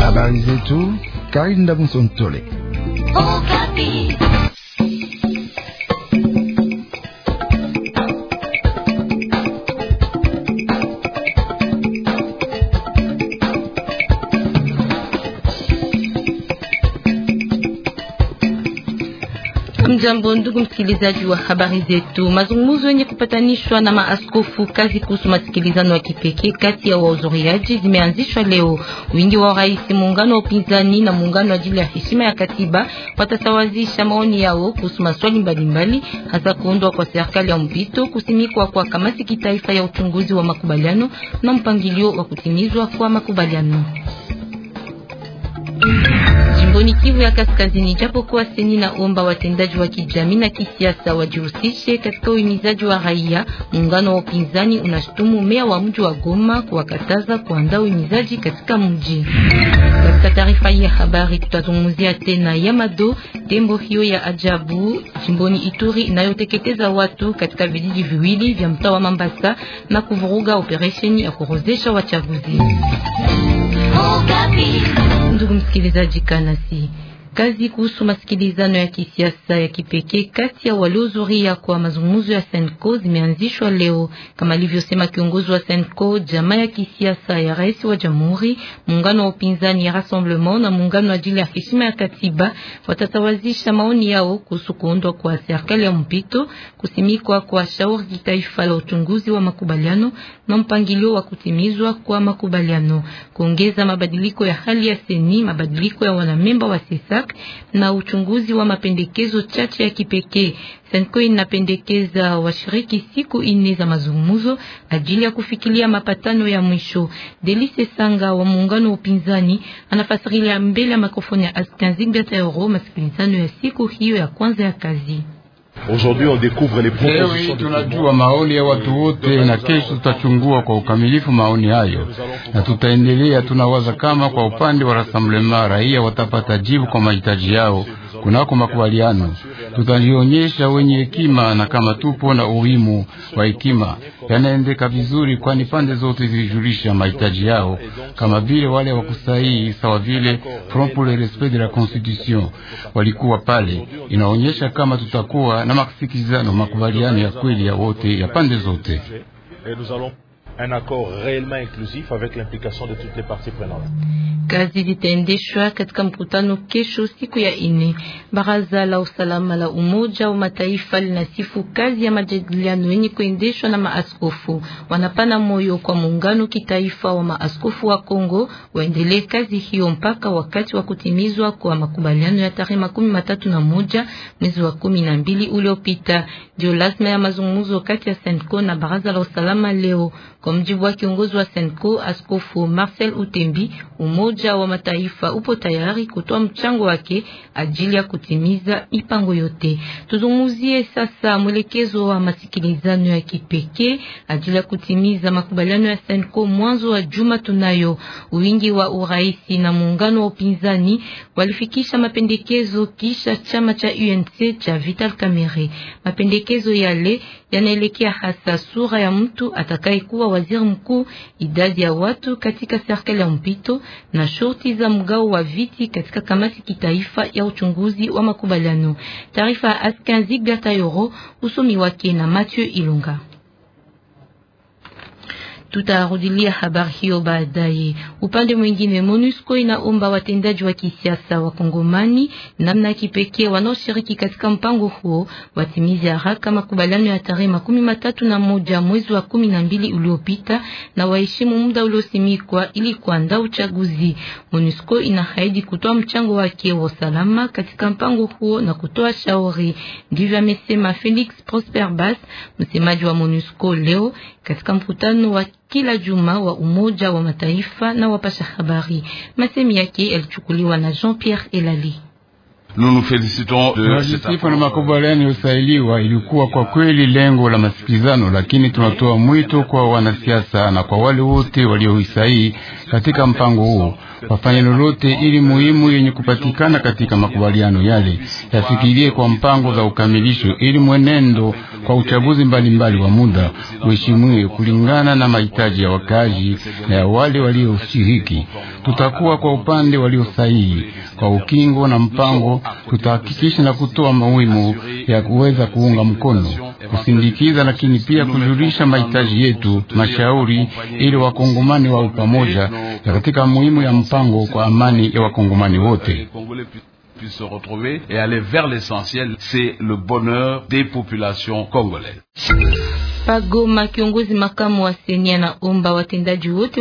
Habari zetu Karinda Musonitole. Mjambo ndugu msikilizaji wa habari zetu. Mazungumzo yenye kupatanishwa na maaskofu kazi kuhusu masikilizano ya kipekee kati ya wahudhuriaji zimeanzishwa leo. Wingi wa rais, muungano wa upinzani na muungano ajili ya heshima ya katiba watasawazisha maoni yao kuhusu maswali mbalimbali, hasa kuundwa kwa serikali ya mpito, kusimikwa kwa kamati kitaifa ya uchunguzi wa makubaliano na mpangilio wa kutimizwa kwa makubaliano jimboni Kivu ya Kaskazini, japokuwa seni na omba watendaji wa kijamii na kisiasa wajihusishe katika uhimizaji wa raia. Muungano wa upinzani unashutumu meya wa mji wa Goma kuwakataza kuandaa uhimizaji katika mji. Katika taarifa ya habari, tutazungumzia tena Yamado, tembo hiyo ya ajabu jimboni Ituri inayoteketeza watu katika vijiji viwili vya mtaa wa Mambasa na kuvuruga operesheni ya kurozesha wachaguzi. Oh, eles adjicando a si kazi kuhusu masikilizano ya kisiasa ya kipekee kati ya waliohudhuria kwa mazungumzo ya Senko zimeanzishwa leo, kama alivyosema kiongozi wa Senko, jamaa ya kisiasa ya rais wa jamhuri, muungano wa upinzani ya Rassemblement na muungano wa ajili ya heshima ya katiba watatawazisha maoni yao kuhusu kuundwa kwa serikali ya mpito, kusimikwa kwa shauri kitaifa la uchunguzi wa makubaliano na mpangilio wa kutimizwa kwa makubaliano, kuongeza mabadiliko ya hali ya seni, mabadiliko ya wanamemba wa sisa Park na uchunguzi wa mapendekezo chache ya kipekee. Senko inapendekeza washiriki siku ine za mazungumzo ajili ya kufikilia mapatano ya mwisho. Delice Sanga wa muungano wa upinzani anafasiria mbele ya mikrofoni ya Askanzig Betaoro masikilizano ya siku hiyo ya kwanza ya kazi. Aujourd'hui on découvre les leo hii tunajua maoni ya watu wote, na kesho tutachungua kwa ukamilifu maoni hayo na tutaendelea. Tunawaza kama kwa upande wa Rassemblement raia watapata jibu kwa mahitaji yao kunako makubaliano, tutalionyesha wenye hekima, na kama tupo na urimu wa hekima, yanaendeka vizuri, kwani pande zote zilijulisha mahitaji yao, kama vile wale wa kusahii, sawa vile Front pour le respect de la constitution walikuwa pale. Inaonyesha kama tutakuwa na masikizano, makubaliano ya kweli ya wote, ya pande zote un accord réellement inclusif avec l'implication de toutes les parties prenantes. Kazi zitaendeshwa katika mkutano kesho siku ya ine. Baraza la usalama la Umoja wa Mataifa linasifu kazi ya majadiliano yenye kuendeshwa na maaskofu. Wanapana moyo kwa muungano kitaifa wa maaskofu wa Kongo waendelee kazi hiyo mpaka wakati wa kutimizwa kwa makubaliano ya tarehe makumi matatu na moja mwezi wa kumi na mbili uliopita. Ndio lazima ya mazungumzo kati ya Senko na baraza la usalama leo, kwa mjibu wa kiongozi wa Senko Askofu Marcel Utembi umoja Umoja wa Mataifa upo tayari kutoa mchango wake ajili ya kutimiza mipango yote. Tuzungumzie sasa mwelekezo wa masikilizano ya kipekee ajili ya kutimiza makubaliano ya SENCO. Mwanzo wa juma tunayo wingi wa uraisi na muungano wa upinzani walifikisha mapendekezo kisha chama cha UNC cha Vital Kamerhe. Mapendekezo yale yanaelekea hasa sura ya mtu atakayekuwa waziri mkuu, idadi ya watu katika serikali ya mpito na na za mgao wa viti katika kamati kitaifa ya uchunguzi wa makubaliano. Taarifa ya Askanzi yoro usomi wake na Mathieu Ilunga. Tutarudilia habari hiyo baadaye. Upande mwingine, MONUSCO inaomba watendaji wa kisiasa wa Kongomani namna ya kipekee wanaoshiriki katika mpango huo watimize haraka makubaliano ya tarehe makumi matatu na moja mwezi wa kumi na mbili uliopita na waheshimu muda uliosimikwa ili kuandaa uchaguzi. MONUSCO inahaidi kutoa mchango wake wa usalama katika mpango huo na kutoa shauri. Ndivyo amesema Felix Prosper Bas, msemaji wa MONUSCO leo katika mkutano wa kila juma wa Umoja wa Mataifa na wapasha habari. Masemi yake yalichukuliwa na Jean-Pierre Elali. Tunajisifa makubaliano yaliyosainiwa, ilikuwa kwa kweli lengo la masikilizano, lakini tunatoa mwito kwa wanasiasa na kwa wale wote walioisaini katika mpango huo wafanye lolote ili muhimu yenye kupatikana katika makubaliano yale yafikirie kwa mpango za ukamilisho, ili mwenendo kwa uchaguzi mbalimbali wa muda uheshimiwe kulingana na mahitaji ya wakazi na ya wale walioshiriki. Tutakuwa kwa upande sahihi kwa ukingo na mpango, tutahakikisha na kutoa muhimu ya kuweza kuunga mkono kusindikiza, lakini pia kujulisha mahitaji yetu mashauri, ili wakongomani wawe pamoja na katika muhimu ya mpango kwa amani ya wakongomani wote. Puisse se retrouver et aller vers l'essentiel, c'est le bonheur des populations congolaises. Pagoma, kiongozi makamu wa seni anaomba watendaji wote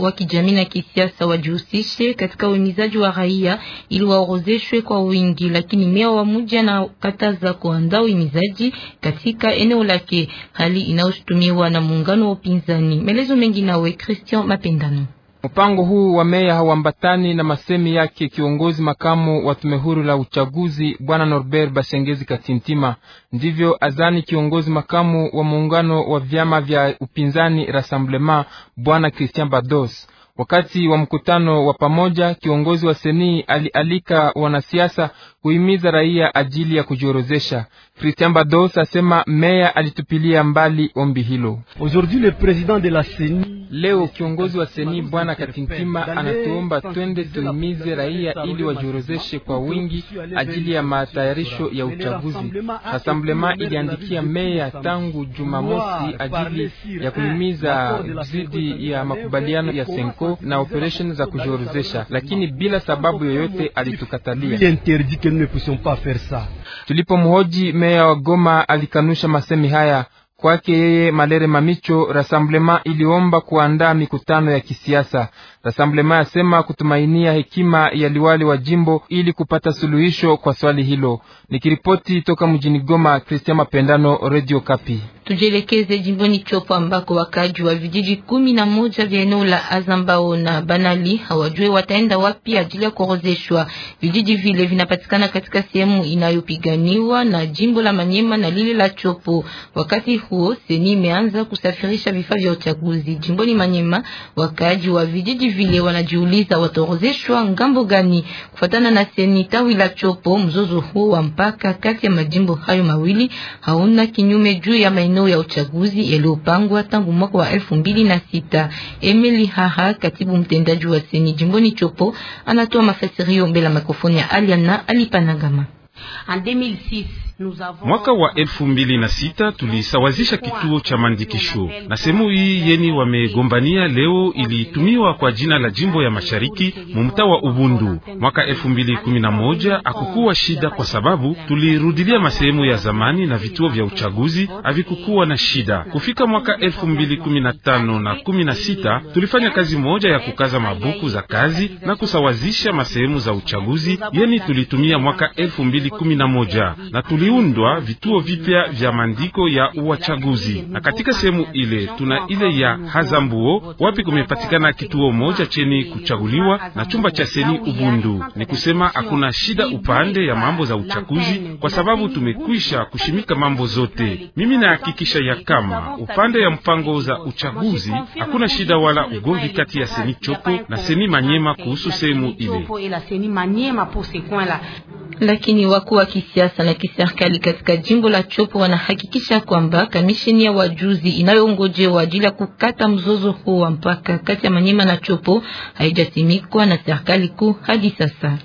wa kijamii na kisiasa wajihusishe katika uhimizaji wa raia ili waorozeshwe kwa wingi, lakini mea wa mji anakataza kuandaa uhimizaji katika eneo lake, hali inayoshutumiwa na muungano wa upinzani. Maelezo mengi nawe Christian Mapendano. Mpango huu wa meya hauambatani na masemi yake kiongozi makamu wa tume huru la uchaguzi bwana Norbert Bashengezi Katintima. Ndivyo azani kiongozi makamu wa muungano wa vyama vya upinzani Rassemblement bwana Christian bados Wakati wa mkutano wa pamoja, kiongozi wa senii alialika wanasiasa kuhimiza raia ajili ya kujiorozesha. Christian bados asema meya alitupilia mbali ombi hilo. Aujourd'hui le president de la CENI Leo kiongozi wa seni bwana Katintima anatuomba twende tuimize raia ili wajiorozeshe kwa wingi ajili ya matayarisho ya uchaguzi. Asamblema iliandikia meya tangu Jumamosi ajili ya kuhimiza dhidi ya makubaliano ya Senko na operation za kujiorozesha, lakini bila sababu yoyote alitukatalia. Tulipomhoji meya wa Goma alikanusha masemi haya. Kwake yeye Malere Mamicho, Rassemblement iliomba kuandaa mikutano ya kisiasa. Rassemblement yasema kutumainia hekima ya liwali wa jimbo ili kupata suluhisho kwa swali hilo. Nikiripoti toka mjini Goma, Christian Mapendano, Radio Kapi. Tujelekeze jimboni Chopo ambako wakaji wa vijiji kumi na moja vya eneo la Azambao na Banali hawajue wataenda wapi ajili ya kuorozeshwa. Vijiji vile vinapatikana katika sehemu inayopiganiwa na jimbo la Manyema na lile la Chopo. Wakati huo seni imeanza kusafirisha vifaa vya uchaguzi jimboni Manyema. Wakaji wa vijiji vile wanajiuliza wataorozeshwa ngambo gani? Kufuatana na seni tawi la Chopo, mzozo huo wa mpaka kati ya majimbo hayo mawili hauna kinyume juu ya maeneo maandamano ya uchaguzi yaliyopangwa tangu mwaka wa elfu mbili na sita. Emily Haha, katibu mtendaji wa seni jimboni Chopo, anatoa mafasirio mbele ya mikrofoni ya Aliana Alipanagama. En 2006 Mwaka wa elfu mbili na sita tulisawazisha kituo cha maandikisho, na sehemu hii yeni wamegombania leo ilitumiwa kwa jina la jimbo ya mashariki mumtaa wa Ubundu. Mwaka elfu mbili kumi na moja akukuwa shida kwa sababu tulirudilia masehemu ya zamani na vituo vya uchaguzi havikukuwa na shida. Kufika mwaka elfu mbili kumi na tano na kumi na sita tulifanya kazi moja ya kukaza mabuku za kazi na kusawazisha masehemu za uchaguzi yeni tulitumia mwaka elfu mbili kumi na moja na tuli kuliundwa vituo vipya vya maandiko ya uwachaguzi, na katika sehemu ile tuna ile ya Hazambuo wapi kumepatikana kituo moja cheni kuchaguliwa na chumba cha seni Ubundu. Ni kusema hakuna shida upande ya mambo za uchaguzi, kwa sababu tumekwisha kushimika mambo zote. Mimi nahakikisha ya kama upande ya mpango za uchaguzi hakuna shida wala ugomvi kati ya seni Chopo na seni Manyema kuhusu sehemu ile lakini wakuu wa kisiasa na kiserikali katika jimbo la Chopo wanahakikisha kwamba kamisheni ya wajuzi inayongojewa ajili ya kukata mzozo huo wa mpaka kati ya Manyema na Chopo haijasimikwa na serikali kuu hadi sasa.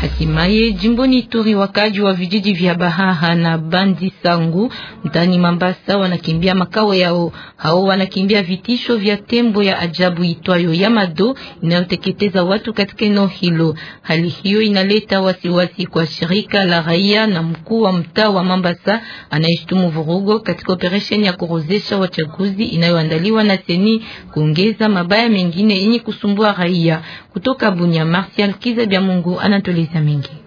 Hatimaye jimboni Ituri, wakaji wa vijiji vya Bahaha na Bandi Sangu mtani Mambasa wanakimbia makao yao. Hao wanakimbia vitisho vya tembo ya ajabu itwayo Yamado inayoteketeza watu katika eneo hilo. Hali hiyo inaleta wasiwasi wasi kwa shirika la raia na mkuu wa mtaa wa Mambasa anayeshtumu vurugo katika operesheni ya kurozesha wachaguzi inayoandaliwa na seni kuongeza mabaya mengine yenye kusumbua raia. Kutoka Bunya, Martial Kizabya Mungu anatuliza mingi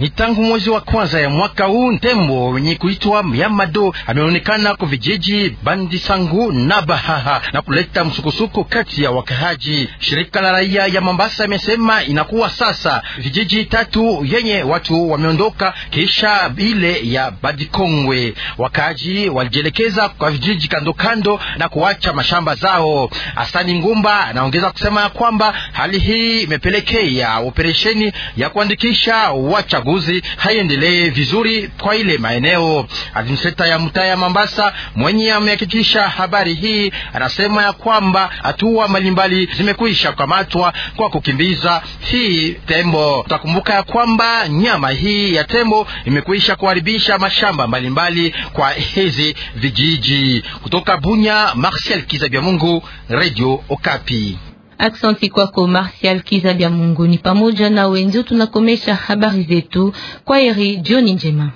ni tangu mwezi wa kwanza ya mwaka huu tembo wenye kuitwa myamado ameonekana kwa vijiji Bandisangu na Bahaha na kuleta msukosuko kati ya wakahaji. Shirika la raia ya Mombasa imesema inakuwa sasa vijiji tatu yenye watu wameondoka kisha ile ya Badikongwe. Wakahaji walijielekeza kwa vijiji kando kando na kuacha mashamba zao. Asani Ngumba anaongeza kusema ya kwamba hali hii imepelekea operesheni ya kuandikisha wachaguzi uchaguzi haiendelee vizuri kwa ile maeneo. Administrator ya mtaa ya Mambasa mwenye amehakikisha habari hii anasema ya kwamba hatua mbalimbali zimekwisha kukamatwa kwa kukimbiza hii tembo. Tutakumbuka ya kwamba nyama hii ya tembo imekwisha kuharibisha mashamba mbalimbali mbali kwa hizi vijiji. Kutoka Bunya, Marcel kizabya Mungu, Radio Okapi. Aksanti kwako Martial Kizabia Mungu. Ni pamoja na wenzio, tunakomesha habari zetu kwa heri, jioni njema.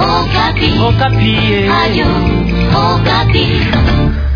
Okapi. Okapi. Eh. Ayu, Okapi.